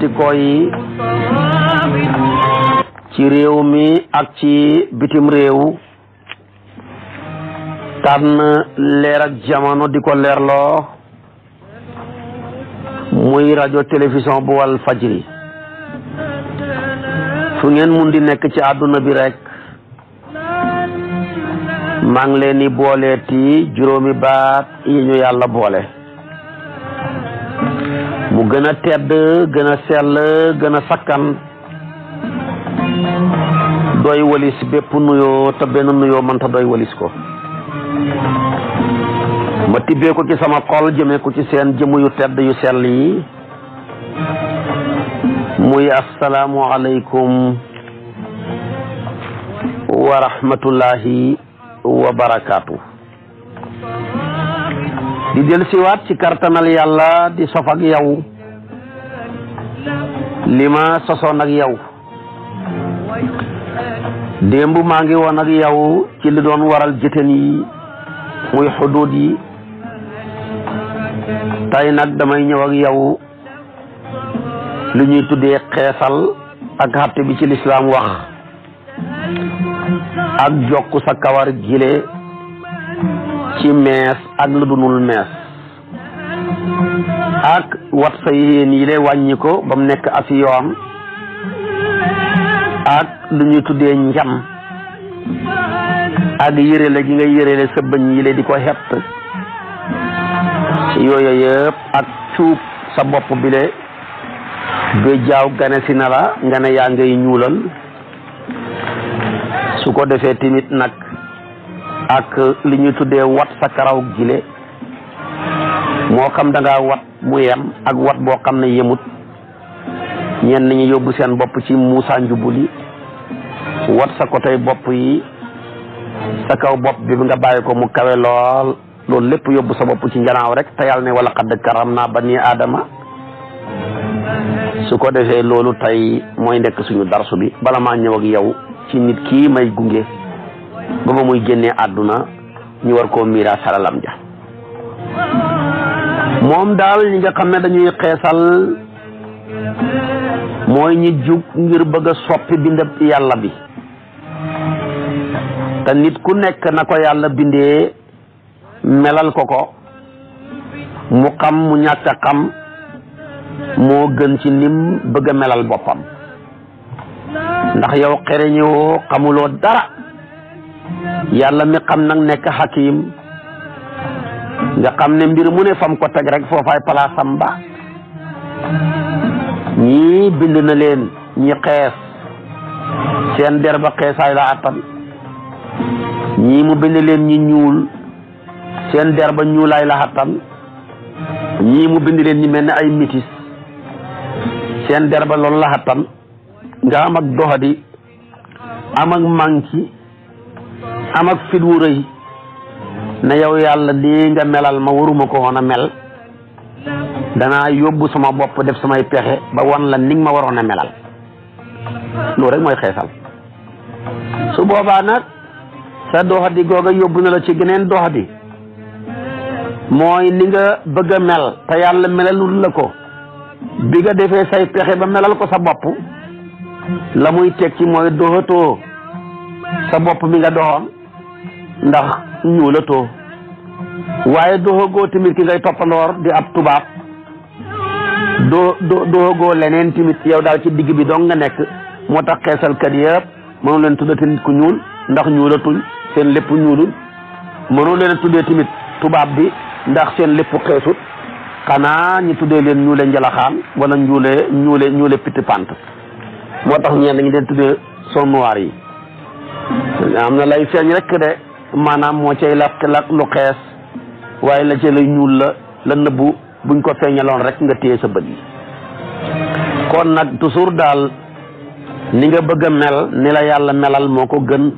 yëkkati ko yi ci réew mi ak ci bitim réew tànn leer ak jamono di ko leerloo muy rajo télévision bu wal fajri fu ngeen mun di nekk ci àdduna bi rekk maa ngi leen di booleeti juróomi baat yi ñu yàlla boole mu gën a tedd gën a sell gën a sakkan dooy walis bépp nuyoo te benn nuyoo mënta doy walis ko ma tibbee ko ci sama xol jëmee ko ci seen jëmm yu tedd yu sell yi muy asalaamu aleykum wa rahmatullahi barakaatu di del siwaat ci kartanal yàlla di sof ak yow li ma sosoon ak yow démb maa ngi woon ak yow ci li doon waral jëten yi muy xuduud yi tay nag damay ñëw ak yow li ñuy tuddee xeesal ak xatt bi ci lislaam wax ak jokku sa kawar gile ci mees ak lu dunul mees ak wat sa yéen yi de wàññi ba mu nekk as yoon ak lu ñuy tuddee njam ak yërele gi nga yërele sa bëñ yi le di ko xett yooyu yëpp ak cuub sa bopp bi le bi jaaw gane si na la nga ne yaa ngay ñuulal su ko defee timit nag ak li ñuy tuddee wat sa karaw gile moo xam da ngaa wat mu yem ak wat boo xam ne yemut ñenn ñi yóbbu seen bopp ci Moussa Njubuli wat sa ko côté bopp yi sa kaw bopp bi nga bàyyi ko mu kawe lool loolu lépp yóbbu sa bopp ci njanaaw rek te yàlla ne wala xadd karam naa ba ni aadama su ko defee loolu tey mooy nekk suñu darsu bi bala maa ñëw ak yow ci nit kii may gunge. ba muy génnee àdduna ñu war koo miiraas alalam moom daal ñi nga xam ne dañuy xeesal mooy ñi jug ngir bëgg soppi bind yàlla bi te nit ku nekk na ko yàlla bindee melal ko ko mu xam mu ñàkk a xam moo gën ci nim bëgg melal boppam ndax yow xereñewoo xamuloo dara yàlla mi xam nag nekk xakim nga xam ne mbir mu ne fam ko teg rek foofaay palaasam ba ñii bind na leen ñi xees seen der ba xeesaay la ñii mu bind leen ñi ñuul seen der ba ñuulaay la attan ñii mu bind leen ñi mel ne ay mitis seen der ba loolu la attan nga am doxadi am ak am ak fit wu rëy ne yow yàlla lii nga melal ma waruma ko woon a mel danaa yóbbu sama bopp def samay pexe ba wan la ni ma waroon a melal loolu rek mooy xeesal su boobaa nag sa doxadi googa yóbbu na la ci geneen doxadi mooy ni nga bëgg a mel te yàlla melalul la ko bi nga defee say pexe ba melal ko sa bopp la muy tekki mooy doxatoo sa bopp mi nga doxoon ndax ñuulatoo waaye doxagoo tamit ki ngay toppandoor di ab tubaab doo doo doxagoo leneen timit yow daal ci digg bi dong nga nekk moo tax xeesalkat yëpp mënu leen tuddee tamit ku ñuul ndax ñuulatul seen lépp ñuulul mënu leen tuddee tamit tubaab bi ndax seen lépp xeesut xanaa ñi tuddee leen ñuule njalaxaan wala ñuule ñuule ñuule pitti pant moo tax ñeen dañu leen tuddee son noir yi am na lay feeñ rek de maanaam moo cay la la lu xees waaye la ca la ñuul la la nëbbu buñ ko feeñaloon rek nga téye sa bët yi kon nag toujours daal ni nga bëgg a mel ni la yàlla melal moo ko gën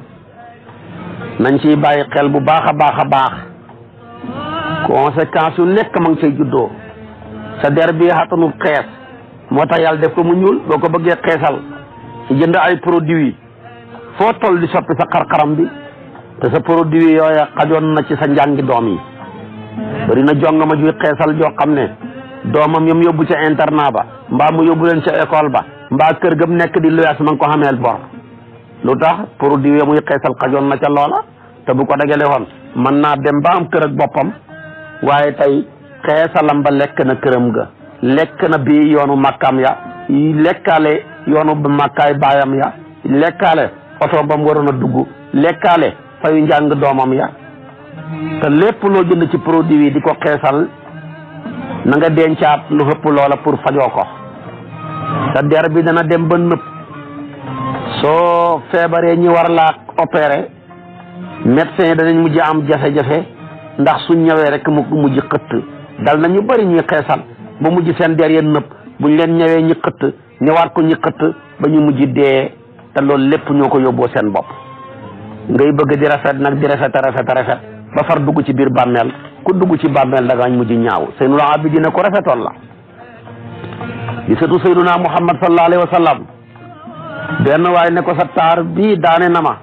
nañ ciy bàyyi xel bu baax a baax a baax conséquence yu nekk ma ngi say juddoo sa der bi xatanul xees moo tax yàlla def ko mu ñuul boo ko bëggee xeesal jënd ay produits foo toll di soppi sa xar-xaram bi te sa produit yooya xajoon na ci sa njàngi doom yi bëri na jongama juy xeesal joo xam ne doomam yam yóbbu ca internat ba mbaa mu yóbbu leen ca école ba mbaa kër ga mu nekk di luyaas ma nga ko xameel bor lu tax produit ya muy xeesal kajoon na ca loola te bu ko dagale woon mën naa dem ba am boppam waaye tey xeesalam ba lekk na këram ga lekk na bii yoonu màkkaam ya lekkaale yoonu màkkaay baayam ya lekkaale oto ba mu waroon a dugg lekkaale fayu njàng doomam ya te lépp loo jënd ci produit yi di ko xeesal na nga dencaat lu hëpp loola pour fajoo ko te der bi dana dem ba nëpp soo feebaree ñi war laa opéré médecin yi danañ mujj am jafe-jafe ndax suñ ñëwee rek mu mujj xëtt dal na ñu bari ñuy xeesal ba mujj seen der ya nëpp ñu leen ñëwee ñi xëtt ñëwaat ko ñi xëtt ba ñu mujj dee te loolu lépp ñoo ko yóbboo seen bopp ngay bëgg di rafet nag di rafet a rafet a rafet ba far dugg ci biir bàmmeel ku dugg ci bàmmeel da ngaa mujj ñaaw Seynul Abidina ko rafetoon la di sëtu Seyduna Muhammad sallallahu sa wa sallam benn waaye ne ko sa taar bii daane na ma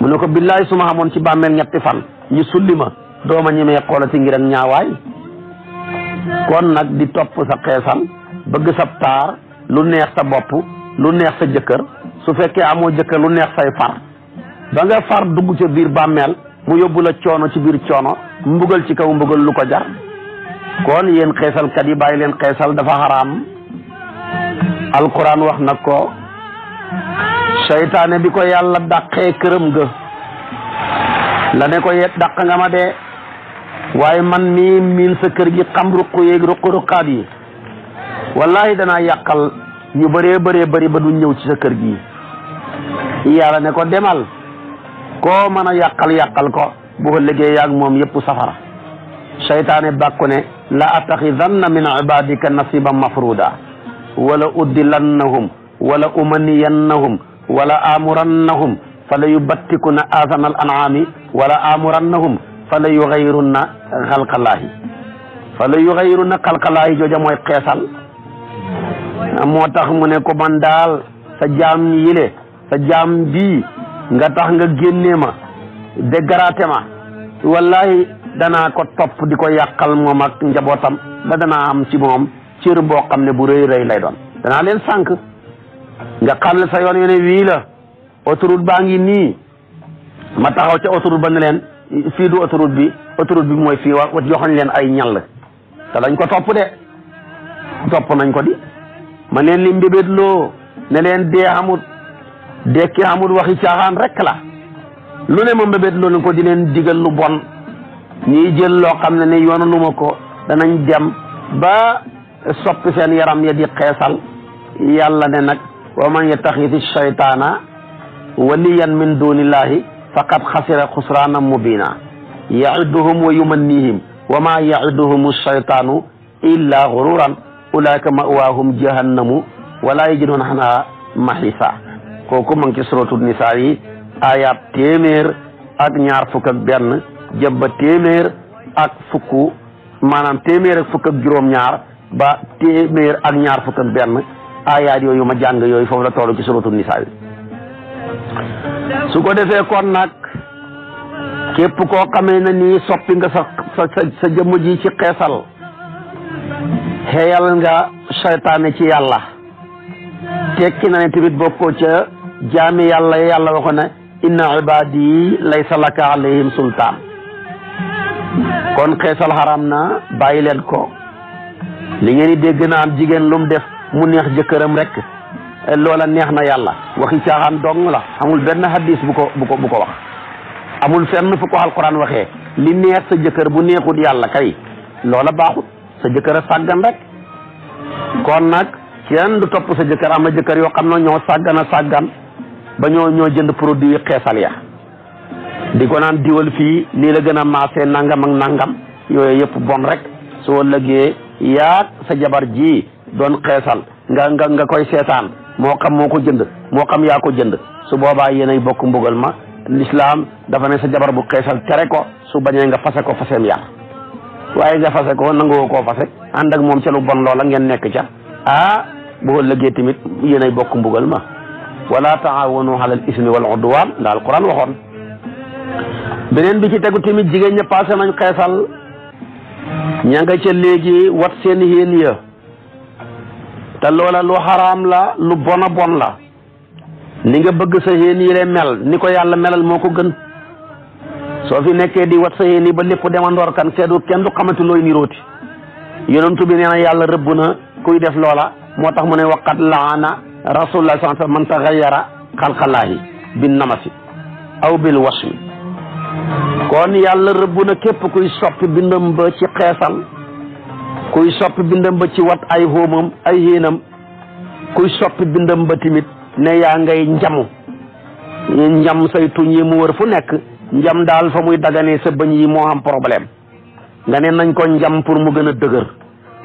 mu ne ko billaay su ma xamoon ci bàmmeel ñetti fan ñu sulli ma dooma ñemee xoolati ngir ak ñaawaay kon nag di topp sa xeesal bëgg sa taar lu neex sa bopp lu neex sa jëkkër su fekkee amoo jëkkër lu neex say far ba nga far dugg ca biir bàmmeel mu yóbbu la coono ci biir coono mbugal ci kaw mbugal lu ko jar kon yéen xeesalkat yi bàyyi leen xeesal dafa xaraam alquran wax nag ko seytaane bi ko yàlla dàqee këram ga la ne ko yet dàq nga ma de waaye man mii miin sa kër gi xam ruq yéeg ruq ruqaat yi wallahi danaa yàqal ñu bëree bëree bëri ba du ñëw ci sa kër gi yàlla ne ko demal koo mën a yàqal yàqal ko bu ko liggéey yaag moom yëpp safara seytaane bàkku ne la attaxidanna min ibadika nasiban mafruda wala uddilannahum wala umaniyannahum wala amurannahum fala yubattikuna aazana al an'aami wala amurannahum fala yugayrunna xalqalaahi fala yugayrunna xalqalaahi jooja mooy xeesal moo tax mu ne ko man daal sa jaam yile sa jaam bii nga tax nga génnee ma de dégraté ma wallahi danaa ko topp di ko yàqal moom ak njabootam ba danaa am ci moom cër boo xam ne bu rëy rëy lay doon danaa leen sànq nga xam ne sa yoon wi ne wii baa ngi nii ma taxaw ca autoroute ba ne leen fii du autoroute bi autoroute bi mooy fii wa joxoñ leen ay ñàll te dañ ko topp de topp nañ ko di ma leen li mbébét loo ne leen dee dekki amul waxi caaxaan rek la lu ne ma mbébét loolu ko di leen digal lu bon ñiy jël loo xam ne ni yoonu lu ma ko danañ dem ba soppi seen yaram ya di xeesal yàlla ne nag wa man yattaxidi shaytaana waliyan min dunillahi faqad xasira xusraana mubina yaiduhum wa yumannihim wa ma yaiduhum shaytaanu illa gururan ulaika ma'waahum jahannamu wala yajiduuna anhaa mahisa kooku ma ngi ci suratul nisaa yi ayaab téeméer ak ñaar fukk ak benn jëm ba téeméer ak fukk maanaam téeméer ak fukk ak juróom-ñaar ba téeméer ak ñaar fukk ak benn ayaat yooyu ma jàng yooyu foofu la toll ci suratul nisaa su ko defee kon nag képp koo xamee na nii soppi nga sa sa sa jëmm ji ci xeesal xeyal nga seytaane ci yàlla tekki na ne tamit bokkoo ca jaami yàlla yàlla waxoon na inna ibadi lay laka alayhim sultaan kon xeesal xaram na bàyyi leen ko li ngeen dégg naan jigéen lu mu def mu neex jëkkëram rek loola neex na yàlla waxi caaxaan dong la amul benn hadis bu ko bu ko bu ko wax amul fenn fu ko alquran waxee li neex sa jëkkër bu neexut yàlla kay loola baaxut sa jëkkër a sàggan rek kon nag kenn du topp sa jëkkër am na jëkkër yoo xam ne ñoo sàggan a sàggan ba ñoo jënd produit xeesal ya di ko naan diwal fii nii la gën a maase nangam ak nangam yooyu yëpp bon rek soo lëggee yaag sa jabar ji doon xeesal nga nga koy seetaan moo xam moo ko jënd moo xam yaa ko jënd su boobaa yéenay bokk mbugal ma lislaam dafa ne sa jabar bu xeesal tere ko su bañee nga fase ko faseem yar waaye nga fase ko nangoo koo fase ànd ak moom ca lu bon loola ngeen nekk ca ah boo lëggee tamit yéenay bokk mbugal ma wala taawanu alal ismi wal udwaan la alquran waxoon beneen bi ci tegu tamit jigéen ña passé nañ xeesal ña nga ca léegi wat seen yéen ya te loola lu xaraam la lu bona bon la ni nga bëgg sa yéen yi mel ni ko yàlla melal moo ko gën soo fi nekkee di wat sa yéen yi ba lépp demandoor kan seedu kenn du xamante looy nirooti yonentu bi nee yàlla rëbb na kuy def loola moo tax mu ne waqat laana rasulullah sallallahu alayhi wa sallam man taxayyara xalqallaahi bin namasi aw bil wasmi kon yàlla rëbb na képp kuy soppi bindam ba ci xeesal kuy soppi bindam ba ci wat ay xóomam ay yéenam kuy soppi bindam ba tamit ne yaa ngay njamu njam say tuñ yi mu wër fu nekk njam daal fa muy dagane sa bëñ yi moo am problème nga ne nañ ko njam pour mu gën a dëgër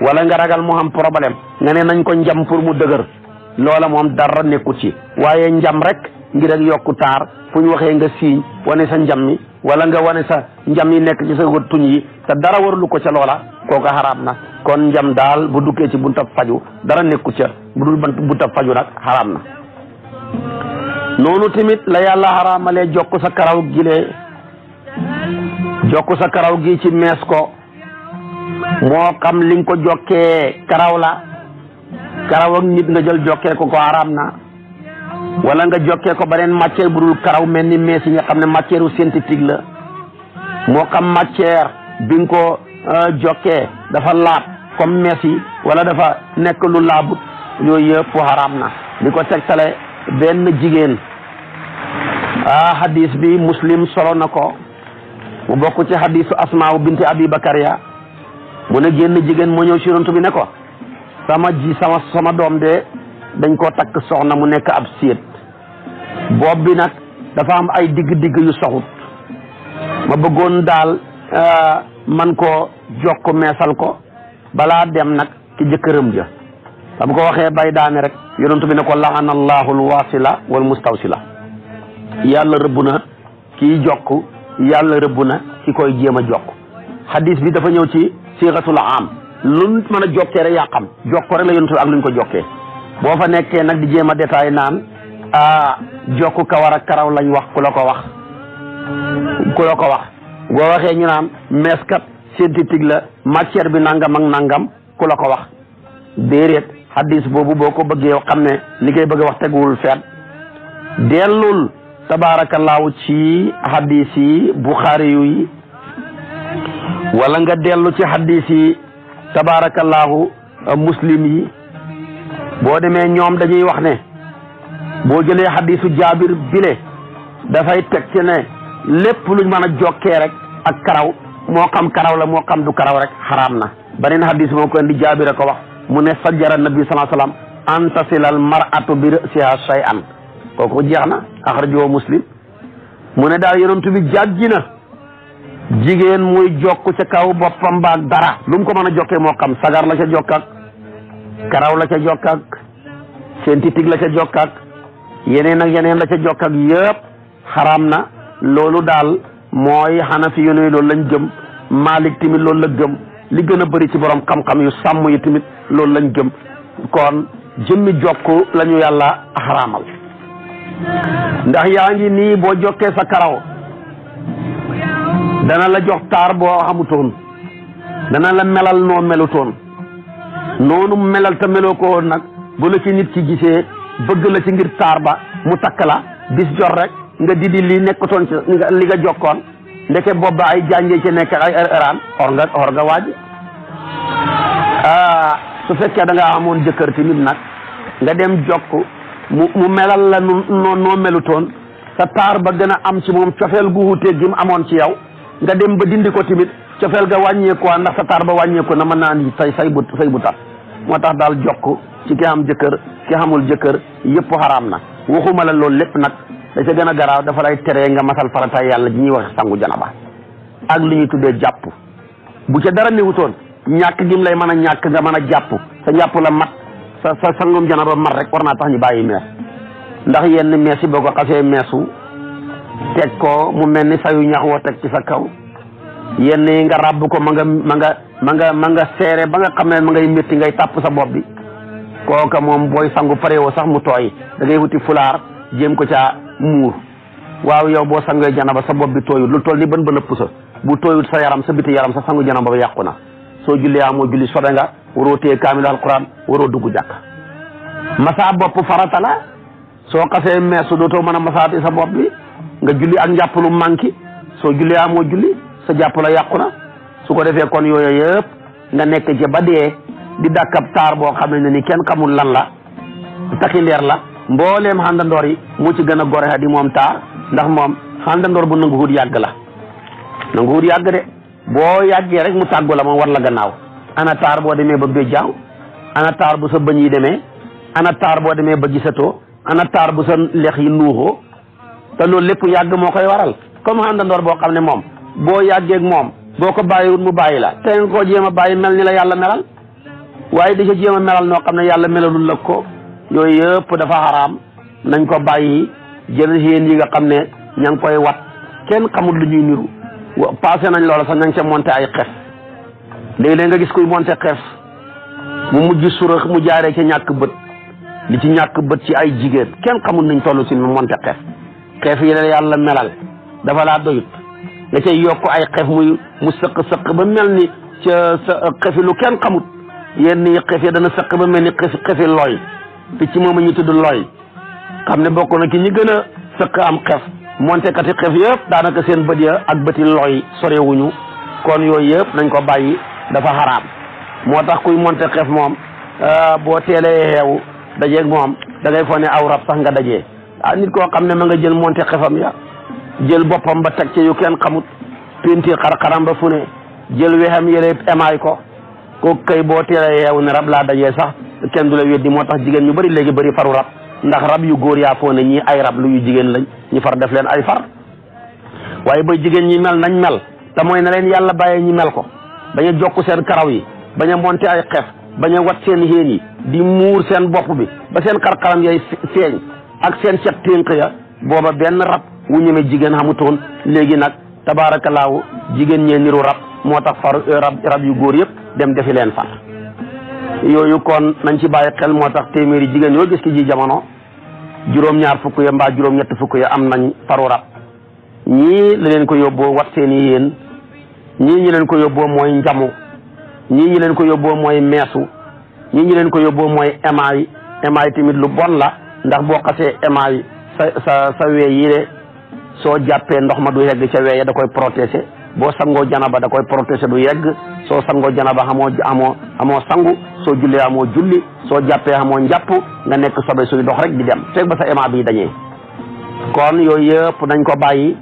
wala nga ragal mu am problème nga ne nañ ko njam pour mu dëgër loola moom dara nekkut ci waaye njam rek ngir ak yokku taar fu ñu waxee nga siiñ wane sa njam mi wala nga wane sa njam yi nekk ci sa tuñ yi te dara warlu ko ca loola kooka xaraam na kon njam daal bu duggee ci buntab faju dara nekku ci bu dul bant buntab faju nag xaraam na noonu tamit la yàlla xaraamalee jokk sa karaw gi lee jokk sa karaw gi ci mees ko moo xam li nga ko jokkee karaw la karaw ak nit nga jël jokkee ko ko araam na wala nga jokkee ko beneen matière bu dul karaw mel ni mees yi xam ne matière u synthétique la moo kam matière bi nga ko euh, jokkee dafa laab comme mees yi wala dafa nekk lu laabut yooyu yëpp xaraam na di ko tegtale benn jigéen ah hadis bi muslim solo na ko mu bokk ci hadisu asmaaw binti abi bakar ya mu ne génn jigéen moo ñëw ci yonent bi ne ko sama ji sama sama doom de dañ koo takk soxna mu nekk ab séet bopp bi nag dafa am ay digg-digg yu soxut ma bëggoon daal euh, man koo jokk meesal ko balaa dem nag ci jëkkëram ja dama ko waxee bay daane rek yonentu bi ne ko laana allahu alwasila wal mustawsila yàlla rëbb na kii jokk yàlla rëbb na ki koy jéem a jokk xadis bi dafa ñëw ci siixatul am luñ mën a jokkee rek yaa xam jokkoo rek la yontu ak luñ ko jokkee boo fa nekkee nag di jéem a détaillé naan a ah, jokku kawar ak karaw lañ wax ku la ko wax ku la ko wax boo waxee ñu naan meeskat synthétique la matière bi nangam ak nangam ku la ko wax déedéet hadis boobu boo ko bëggee xam ne li koy bëgg wax teguwul feet dellul tabaarakallaahu ci hadis yi buxaari yu yi wala nga dellu ci hadis yi tabaarakallaahu muslim yi boo demee ñoom dañuy wax ne boo jëlee xadiisu jaabir bile dafay teg ci ne lépp luñ mën a jokkee rek ak karaw moo xam karaw la moo xam du karaw rek xaraam na beneen xadiis moo ko indi jaabir a ko wax mu ne sajjara nabi sallallahu alayhi wasallam an tasilal mar'atu bi ra'siha shay'an kooku jeex na axrajahu muslim mu ne daal yonent bi jàggi na jigéen muy jokk ca kaw boppam baag dara lu ko mën a jokke moo xam sagar la ca jokk karaw la ca jokk ak seen titig la ca jokk ak yeneen ak yeneen la ca jokk ak yëpp xaraam na loolu daal mooy xana yu ne loolu lañ gëm maalik tamit loolu la gëm li gën a bëri ci borom xam-xam yu sàmm yi tamit loolu lañ gëm kon jëmmi jokk lañu yàlla xaraamal ndax yaa ngi nii boo jokkee sa karaw dana la jox taar boo xamutoon dana la melal noo melutoon noonu melal te meloo nag bu la ci nit ki gisee bëgg la ci ngir taar ba mu takk la bis jot rek nga didi li nekkutoon ci li nga jokkoon ndeke booba ay jànge ci nekk ay er, eraan or nga or nga waaj ah su fekkee danga nga amoon jëkkër tamit nag nga dem jokk mu mu melal la noo melutoon sa taar ba gën a am ci moom cofeel gu wuuteeg gi mu amoon ci yow nga dem ba dindi ko tamit cofeel ga wàññeeku ndax sa taar ba wàññeeku na mën naa ni say say bu say bu tas moo tax daal jokk ci ki am jëkkër ki xamul jëkkër yëpp xaraam na waxuma la loolu lépp nag da ca gën a garaaw dafa lay teree nga masal farata yàlla ji ñuy wax sangu janaba ak li ñuy tuddee jàpp bu ca dara newutoon ñàkk gim lay mën a ñàkk nga mën a jàpp sa jàpp la mat sa sa sangum janaba mat rek war naa tax ñu bàyyi meer ndax yenn mees yi boo ko xasee meesu teg ko mu mel ni sayu ñax woo teg ci sa kaw yenn yi nga ràbb ko ma nga ma nga ma nga ma nga seere ba nga xam ne ma ngay métti ngay tàpp sa bopp bi kooka moom booy sangu pare woo sax mu tooy da ngay wuti fulaar jéem ko caa muur waaw yow boo sangee janaba sa bopp bi tooyut lu toll ni bën bën a pusa bu tooyut sa yaram sa biti yaram sa sangu janaba ba yàqu na soo julli amoo julli sobe nga waroo téye kaamil alquran waroo dugg jàkk masaa bopp farata soo xasee meesu dootoo mën a masaati sa bopp bi nga julli ak njàpp lu manqué soo jullee amoo julli sa jàpp la yàqu na su ko defee kon yooyu yëpp nga nekk ci ba dee di dàkkab taar boo xam ne ni kenn xamul lan la takki ndeer la mbooleem xàndandoor yi mu ci gën a gore di moom taar ndax moom xàndandoor bu nangu wut yàgg la nangu wut yàgg de boo yàggee rek mu tàggu la moom war la gannaaw ana taar boo demee ba béjjaaw ana taar bu sa bëñ yi demee ana taar boo demee ba gisatoo ana taar bu sa lex yi luuxoo te loolu lépp yàgg moo koy waral comme àndandoor boo xam ne moom boo yàggeek moom boo ko bàyyiwul mu bàyyi la te nga koo jéem a bàyyi mel ni la yàlla melal waaye di sa jéem a melal noo xam ne yàlla melalul la ko ñoo yëpp dafa xaraam nañ ko bàyyi jël yéen yi nga xam ne ña ngi koy wat kenn xamul lu ñuy niru passé nañ loola sax ña ngi ca ay xef léegi-léeg nga gis kuy monte xef mu mujj surax mu jaaree ca ñàkk bët li ci ñàkk bët ci ay jigéen kenn xamul nañ toll ci nu monte xeef xeef yi la yàlla melal dafa laa doyut la cay yokk ay xef muy mu sëq sëq ba mel ni ca kenn xamut yenn yi xeef dana sëq ba mel ni xeefi xeefi looy ci moom a ñu tudd looy xam ne bokk na ki ñu gën a sëq am xef montekati xef yëpp daanaka seen bët ya ak bëti looy sorewuñu kon yooyu yëpp nañ ko bàyyi dafa xaraam moo tax kuy monte xef moom ah, boo teelee xeewu dajeeg moom da ngay foo ne aw rab sax nga dajee ah nit koo xam ne ma nga jël monte xefam ya jël boppam ba teg ci yu kenn xamut peinture xar-xaram ba fu ne jël wexam yére emaay ko kooku kay boo teelee yeewu ne rab laa daje sax kenn du la weddi moo tax jigéen ñu bari léegi bari faru rab ndax rab yu góor yaa foo ne ñii ay rab lu yu jigéen lañ ñu far def leen ay far waaye ba jigéen ñi mel nañ mel te mooy na leen yàlla bàyyee ñi mel ko bañ a jokku seen karaw yi bañ a bañ wat seen xéen yi di muur seen bopp bi ba seen xarxaram yooyu feeñ ak seen cet ténk ya booba benn rab wu ñeme jigéen xamutoon léegi nag tabaarakallaahu jigéen ñee niru rab moo tax far euh, rab yu góor yëpp dem defi leen far yooyu kon nañ ci bàyyi xel moo tax téeméeri jigéen yoo gis ki ji jamono juróom-ñaar fukk ya mbaa juróom-ñett fukk ya am nañ faru rab ñii la leen ko yóbboo wat seen i yéen ñii ñi leen ko yóbboo mooy njamu ñii ñi leen ko yóbboo mooy meesu ñii ñi leen ko yóbboo mooy emaay emaay tamit lu bon la ndax boo xasee emaay sa sa sa wee soo jàppee ndox ma du yegg ca weeye da koy protéger boo sangoo janaba da koy protéger du yegg soo sangoo janaba xamoo amoo amoo sangu soo jullee amoo julli soo jàppee amoo njàpp nga nekk sobe suy dox rek di dem fekk ba sa ema bi dañee kon yooyu yëpp nañ ko bàyyi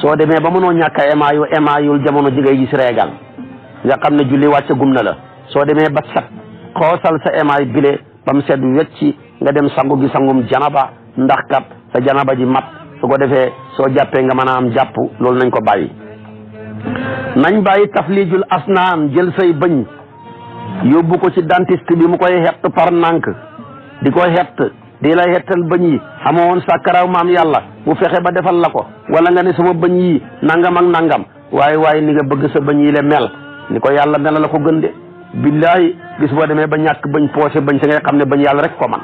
soo demee ba mënoo ñàkk a emaayul emaayul jamono ji ngay gis reegal nga xam ne julli wàcce gum na la soo demee ba set xoosal sa émaay bile ba mu set wecci nga dem sangu gi sangum janaba ndax kat sa janaba ji mat su ko defee soo jàppee nga mën a am jàppu loolu nañ ko bàyyi nañ bàyyi taflijul asnaan jël say bëñ yóbbu ko ci dentiste bi mu koy xett par nànk di ko xett di la xettal bëñ yi xamoon sa karaw maam yàlla bu fexe ba defal la ko wala nga ne sama bëñ yi nangam ak nangam waaye waaye ni nga bëgg sa bëñ yi le mel ni ko yàlla mela la ko gën de billaahi gis boo demee ba ñàkk bañ poosé bañ sa ngay xam ne bañ yàlla rek ko man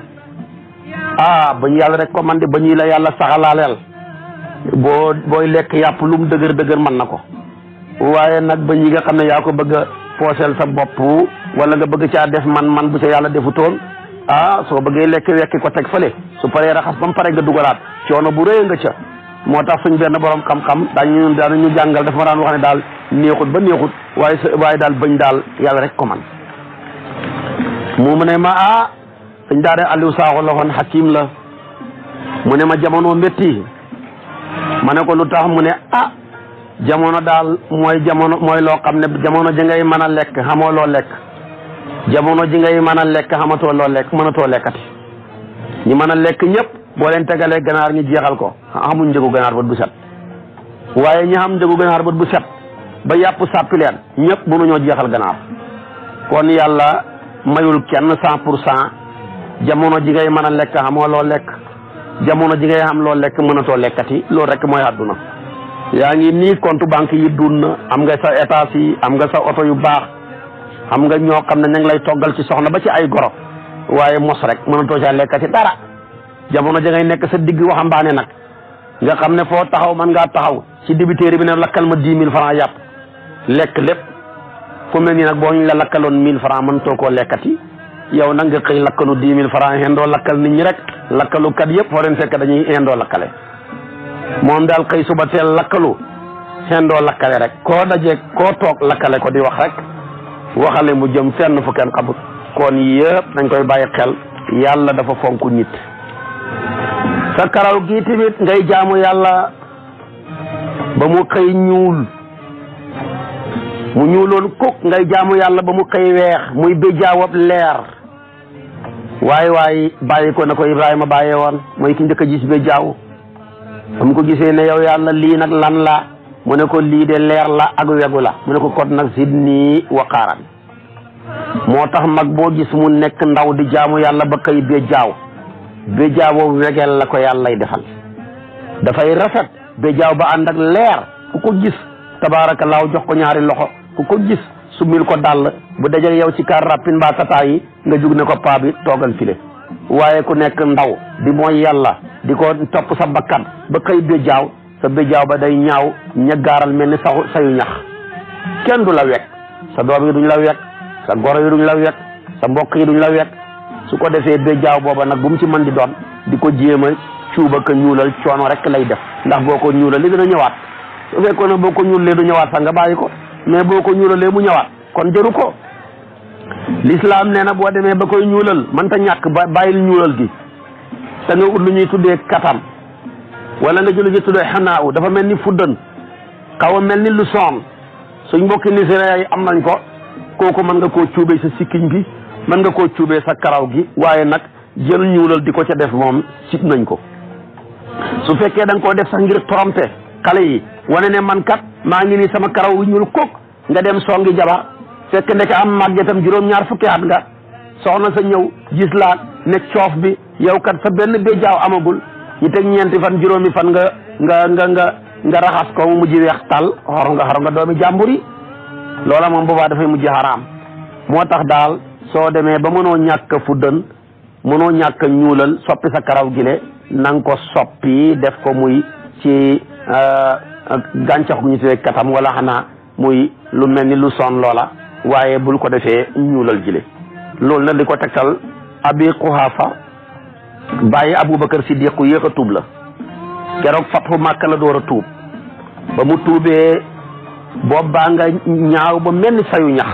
ah bañ yàlla rek ko man de ba ñuy la yàlla saxalaaleel boo booy lekk yàpp lu mu dëgër dëgër man na ko waaye nag bañ yi nga xam ne yaa ko bëgg a pooseel sa bopp wala nga bëgg caa def man man bu sa yàlla defutoon ah soo bëggee lekk wekki ko teg fële su paree raxas ba mu pare nga dugalaat coono bu rëy nga ca moo tax suñ benn borom xam-xam daañu daan ñu jàngal dafa ma daan wax ne daal neexut ba neexut waaye sa daal bañ daal yàlla rek ko man mu mu ne ma ah sëñ daara Aliou Sakho la woon hakim la mu ne ma jamono métti ma ne ko lu tax mu ne ah jamono daal mooy jamono mooy loo xam ne jamono ji ngay mën a lekk xamoo loo lekk jamono ji ngay mën a lekk xamatoo loo lekk mënatoo lekkati ñi mën a lekk ñëpp boo leen tegalee ganaar ñi jeexal ko xamuñ njëgu ganaar bët bu set waaye ñi xam njëgu ganaar bët bu set ba yàpp sàppi leen ñëpp mënuñoo jeexal ganaar kon yàlla mayul kenn cent pour cent jamono ji ngay mën a lekk xamoo loo lekk jamono ji ngay xam loo lekk mënatoo lekkati loolu rek mooy àdduna yaa ngi nii compte banque yi dun na am nga sa état yi am nga sa oto yu baax am nga ñoo xam ne ña lay toggal ci soxna ba ci ay goro waaye mos rek mënatoo caa lekkati dara jamono ja ngay nekk sa digg waxambaane nag nga xam ne foo taxaw man ngaa taxaw ci débiteur bi ne lakkal ma dix mille francs yàpp lekk lépp fu mel nag boo ñu la lakkaloon mille francs mën too koo lekkati yow nag nga xëy lakkalu dix mille francs xendoo lakkal nit ñi rek lakkalukat yëpp foo leen fekk dañuy xendoo lakkale moom daal xëy suba teel lakkalu xendoo lakkale rek koo dajee koo toog lakkale ko di wax rek waxale mu jëm fenn fu kenn xamut kon yëpp dañ koy bàyyi xel yàlla dafa fonk nit sa karaw gii tamit ngay jaamu yàlla ba mu xëy ñuul mu ñuuloon kuk ngay jaamu yàlla ba mu xëy weex muy béjaawab leer waaye waaye bàyyi ko na ko Ibrahima bàyyee woon mooy ki njëkk a gis jaaw am ko gisee ne yow yàlla lii nag lan la mu ne ko lii de leer la ak wegu la mu ne ko kon nag sidni waqaaran moo tax mag boo gis mu nekk ndaw di jaamu yàlla ba xëy jaaw béjaaw boobu wegeel la ko yàllay defal dafay rafet béjaaw ba ànd ak leer ku ko gis tabaarakallaahu jox ko ñaari loxo ku ko gis summil ko dàll bu dajale yow ci car rapide mbaa tata yi nga jug na ko paa bi toogal file waaye ku nekk ndaw di mooy yàlla di ko topp sa bakkan ba kay béjaaw sa béjaaw ba day ñaaw ña gaaral mel ni saxu sayu ñax kenn du la wekk sa doom yi duñ la wekk sa goro yi duñ la wekk sa mbokk yi duñu la wekk su ko defee béjaaw booba nag bu mu ci mën di doon di ko jéem a cuuba ka ñuulal coono rek lay def ndax boo ko ñuulal li dina ñëwaat su fekkoon nag mais boo ko ñuulalee mu ñëwaat kon jëru ko lislaam nee na boo demee ba koy ñuulal mën ta ñàkk ba bàyyil ñuulal gi da nga ut lu ñuy tuddee katam wala nga jëlu ñuy tuddee xanaa u dafa mel ni fuddan xaw a mel ni lu soon suñ mbokki Nigéria yi am nañ ko kooku mën nga koo cuubee sa sikkiñ bi mën nga koo cuubee sa karaw gi waaye nag jël ñuulal di ko ca def moom sit nañ ko su fekkee da nga koo def sax ngir tromper xale yi wane ne man kat maa ngi ni sama karaw wu ñuul kook nga dem songi jabar fekk ndeke am màggetam juróom-ñaar fukki at nga soxna sa ñëw gis laa ne coof bi yow kat sa benn béjjaaw amagul ñu teg ñeenti fan juróomi fan nga nga nga nga raxas ko mu mujj weex tàll xor nga xor nga doomi jàmbur yi loola moom boobaa dafay mujj xaraam moo tax daal soo demee ba mënoo ñàkk a fuddan mënoo ñàkk a ñuulal soppi sa karaw gile na nga ko soppi def ko muy ci euh, gàncax gu ñu tuddee katam wala xanaa muy lu mel ni lu son loola waaye bul ko defee ñuulal jile loolu na di ko tegtal abi quhaafa bàyyi aboubacar siddiq ku yéex a tuub la keroog fatxu màkk la door a tuub ba mu tuubee boobu baa nga ñaaw ba mel ni fayu ñax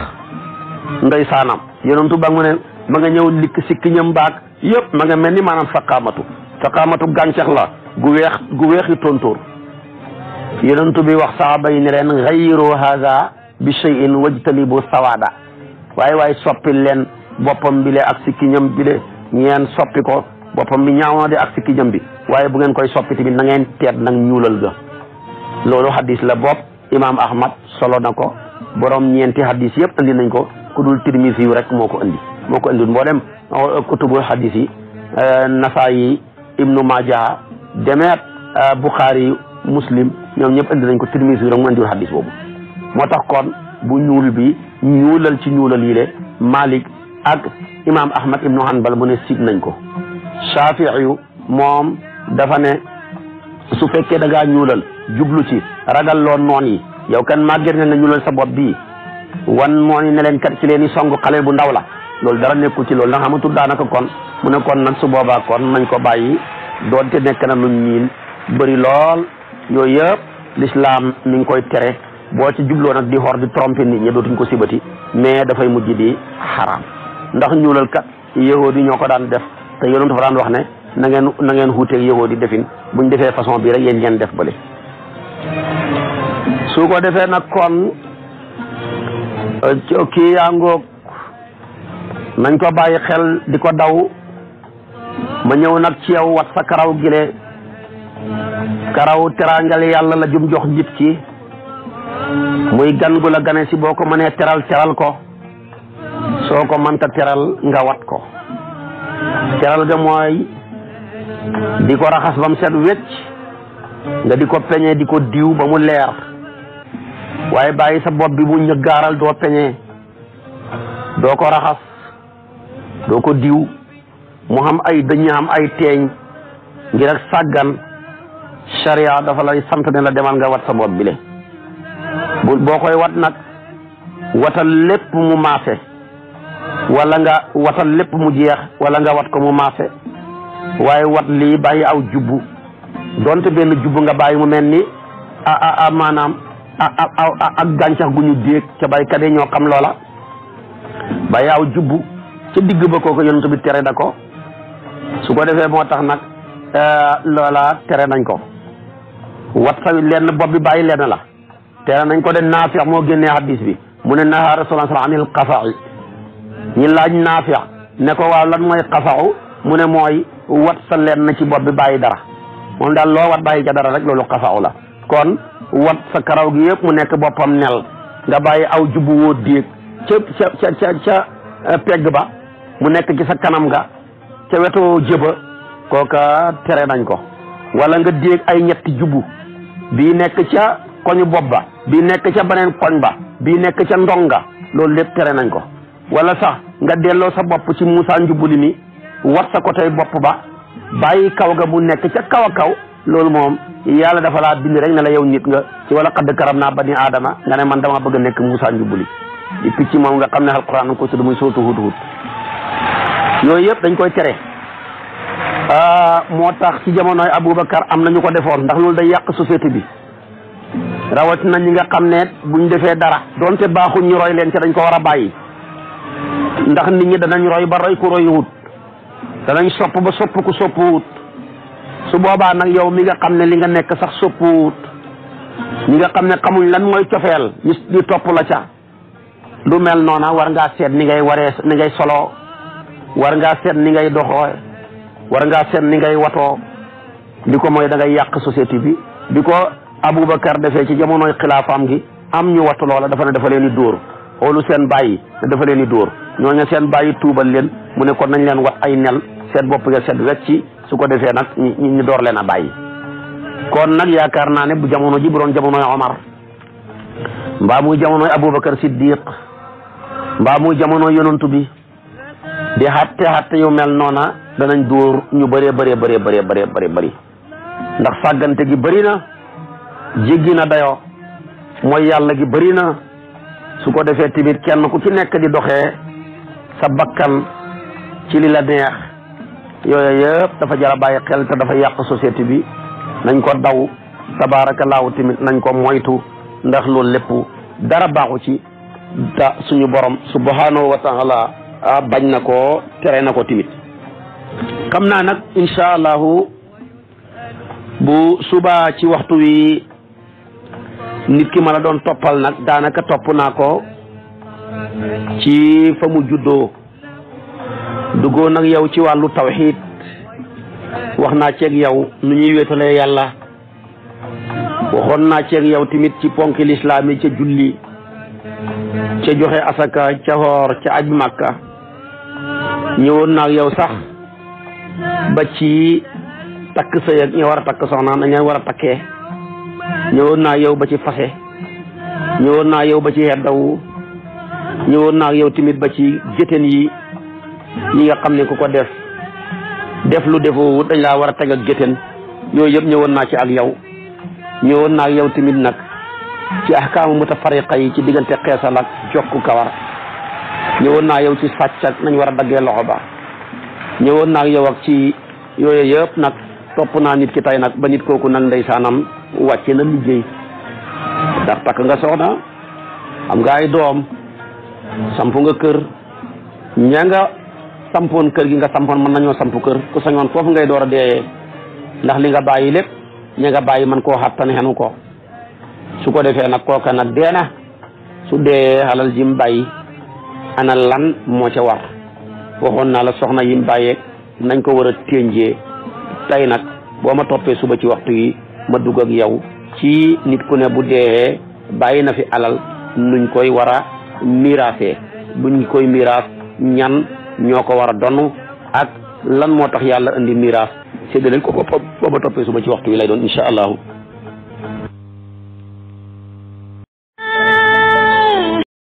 ndey saanam yonentu ba mu ne ma nga ñëw likk sikkiñam baag yépp ma nga mel ni maanaam saqaamatu saqaamatu gàncax la gu weex gu weexi tontóor yonent bi wax saxaaba yi ni leen xayiru haza bi cheyin bo sawada waaye waaye soppi leen boppam bi le ak ñam bi le ñeen soppi ko boppam bi ñaawoon de ak sikkiñam bi waaye bu koy soppi tamit na ngeen teet nag ñuulal ga loolu hadis la bopp imaam ahmad solo na ko borom ñeenti hadis yëpp andi nañ ko ku dul tirmisi yu rek moo ko andi moo ko andul mboolem euh, kutubu hadis yi euh, nasaa yi ibnu maja demeet euh, buxaari muslim ñoom ñëpp indi nañ ko tirmis bi rek mu indiwul moo tax kon bu ñuul bi ñuulal ci ñuulal yi de Malik ak imam Ahmad ibnu Hanbal mu ne siib nañ ko Shafii yu moom dafa ne su fekkee da ñuulal jublu ci ragal loo noon yi yow kan màgget nga ne ñuulal sa bopp bii wan moo ni ne kat ci leen i song xale bu ndaw la loolu dara nekku ci loolu ndax xamatul daanaka kon mu ne kon nag su boobaa kon nañ ko bàyyi doonte nekk na lu ñiin bëri lool yooyu yëpp lislaam mi ngi koy tere boo ci jubloo nag di xor di tromper nit ñi dootuñ ko sibati mais dafay mujj di xaraam ndax ñuulal kat di ñoo ko daan def te yonent dafa daan wax ne na ngeen na ngeen xuuteeg yahood yi defin buñ defee façon bii rek yéen ngeen def bële su ko defee nag kon euh, kii yaa ngoog nañ ko bàyyi xel di ko daw ma ñëw nag ci yow wat sa karaw gile karaw terangal yàlla la jum jox njib ci muy gan gu la gane si boo ko mënee teral teral ko soo ko mënta teral nga wat ko teral ga mooy di ko raxas ba mu set wecc nga di ko peñe di ko diw ba mu leer waaye bàyyi sa bopp bi bu ñëggaaral doo peñe doo ko raxas doo ko diw mu xam ay dëñ am ay teeñ ngir ak sàggan sharia dafa lay sant ne la demal nga wat sa bopp bile bu boo koy wat nag watal lépp mu maase wala nga watal lépp mu jeex wala nga wat ko mu maase waaye wat lii bàyyi aw jubbu donte benn jubbu nga bàyyi mu mel ni a a a maanaam a a ak gàncax gu ñu déeg ca baykat yi ñoo xam loola bàyyi aw jubbu ca digg ba kooku yonent bi tere na ko su ko defee moo tax nag eh, loola tere nañ ko wat sa lenn bopp bi bàyyi lenn la tere nañ ko de Naafi' moo génnee hadis bi mu ne naha rasulullah sallallahu alayhi wa sallam anil qafa'i ñu laaj Naafi' ne ko waaw lan mooy qafa'u mu ne mooy wat sa lenn ci bopp bi bàyyi dara moom daal loo wat bàyyi ca dara rek loolu qafa'u la kon wat sa karaw gi yëpp mu nekk boppam nel nga bàyyi aw jubbu woo déeg ca ca ca ca euh, pegg ba mu nekk ci sa kanam ga ca wetu jëba kooka tere nañ ko wala nga déeg ay ñetti jubbu bii nekk ca koñu bopp ba bii nekk ca beneen koñ ba bii nekk ca ndonga loolu lépp tere nañ ko wala sax nga delloo sa bopp ci Moussa Njubuli mi war sa ko tey bopp ba bàyyi kaw ga mu nekk ca kaw a kaw loolu moom yàlla dafa laa bind rek ne la yow nit nga ci wala xadd karam naa ba ni aadama nga ne man dama bëgg a nekk Moussa Njubuli di ci moom nga xam ne alquran ko tudd muy sootu hut hut yooyu yëpp dañ koy tere Ah, moo tax ci jamonoy Aboubacar am na ñu ko defoon ndax loolu day yàq société bi rawat nañ ñi nga xam ne buñ defee dara donte baaxuñ ñu roy leen ca dañ ko war a bàyyi ndax ni ñi danañu roy ba roy ku wut danañ sopp ba sopp ku soppuwut su boobaa nag yow mi nga xam ne li nga nekk sax soppuwut ñi nga xam ne xamuñ lan mooy cofeel ñu topp la ca lu mel noona war ngaa seet ni ngay waree ni ngay solo war ngaa seet ni ngay doxoo war ngaa seet ni ngay watoo li ko mooy dangay yàq société bi bi ko Aboubacar defee ci jamonoy xilaafaam gi am ñu wattu loola dafa ne dafa leen di dóor xoolu seen bàyyi dafa leen di dóor ñooñu seen bàyyi tuubal leen mu ne nañ leen wat ay nel seen bopp nga set wecci su ko defee nag ñu ñu door leen a bàyyi kon nag yaakaar naa ne bu jamono ji bu doon jamonoy Omar mbaa muy jamonoy Aboubacar Siddiq mbaa muy jamono yonantu bi di xatte xatte yu mel noona danañ dóor ñu bëree bëree bëree bëree bëree bëri bëri ndax sàggante gi bëri na jéggi na dayo mooy yàlla gi bëri na su ko defee tamit kenn ku ci nekk di doxee sa bakkan ci li la neex yooyu yëpp dafa jar bàyyi xel te dafa yàq société bi nañ ko daw tabaarakallaahu tamit nañ ko moytu ndax loolu lépp dara baaxu ci da suñu borom subhanahu wa taala ah, bañ na ko tere na ko timit xam naa nag incha allahu bu subaa ci waxtu wi nit ki ma la doon toppal nag daanaka topp naa ko ci fa juddoo duggoon nag yow ci wàllu tawxiid wax naa ceeg yow nu ñuy wéetalee yàlla waxoon na ceeg yow tamit ci ponki lislaam yi ca julli ca joxe asaka ca xoor ca aj màkka ñëwoon naa yow sax ba ci takk sëy ak ña war a takk soxna na ña war a takkee ñëwoon naa yow ba ci fase ñëwoon naa yow ba ci heddawu ñëwoon naa yow tamit ba ci jëteen yi ñi nga xam ne ku ko def def lu defoo dañ laa war a teg ak jëteen yooyu yëpp ñëwoon naa ci ak yow ñëwoon naa yow tamit nag ci ahkaamu mutafariqa yi ci diggante xeesal ak jokku kawar ñëwoon naa yow ci sàcc ak nañ war a daggee loxo ba ñëwoon naa yow ak ci yooyu yëpp nag topp naa nit ki tey nag ba nit kooku nag ndeysaanam wàcce na liggéey ndax takk nga soxna am nga ay doom samp nga kër ña nga sampoon kër gi nga sampoon mën nañoo samp kër ku sañoon foofu ngay door a deeyee ndax li nga bàyyi lépp ña nga bàyyi man koo xattan xenu ko su ko defee nag kooka nag dee na su dee alal jim bàyyi ana lan moo ca war waxoon naa la soxna yi mu bàyyeeg nañ ko war a ténjee tey nag boo ma toppee suba ci waxtu yi ma dugg ak yow ci nit ku ne bu dee bàyyi na fi alal nuñ koy war a miraasee buñ koy miraas ñan ñoo ko war a donn ak lan moo tax yàlla indi miraas séddale ko ko boo ma toppee suba ci waxtu yi lay doon incha allahu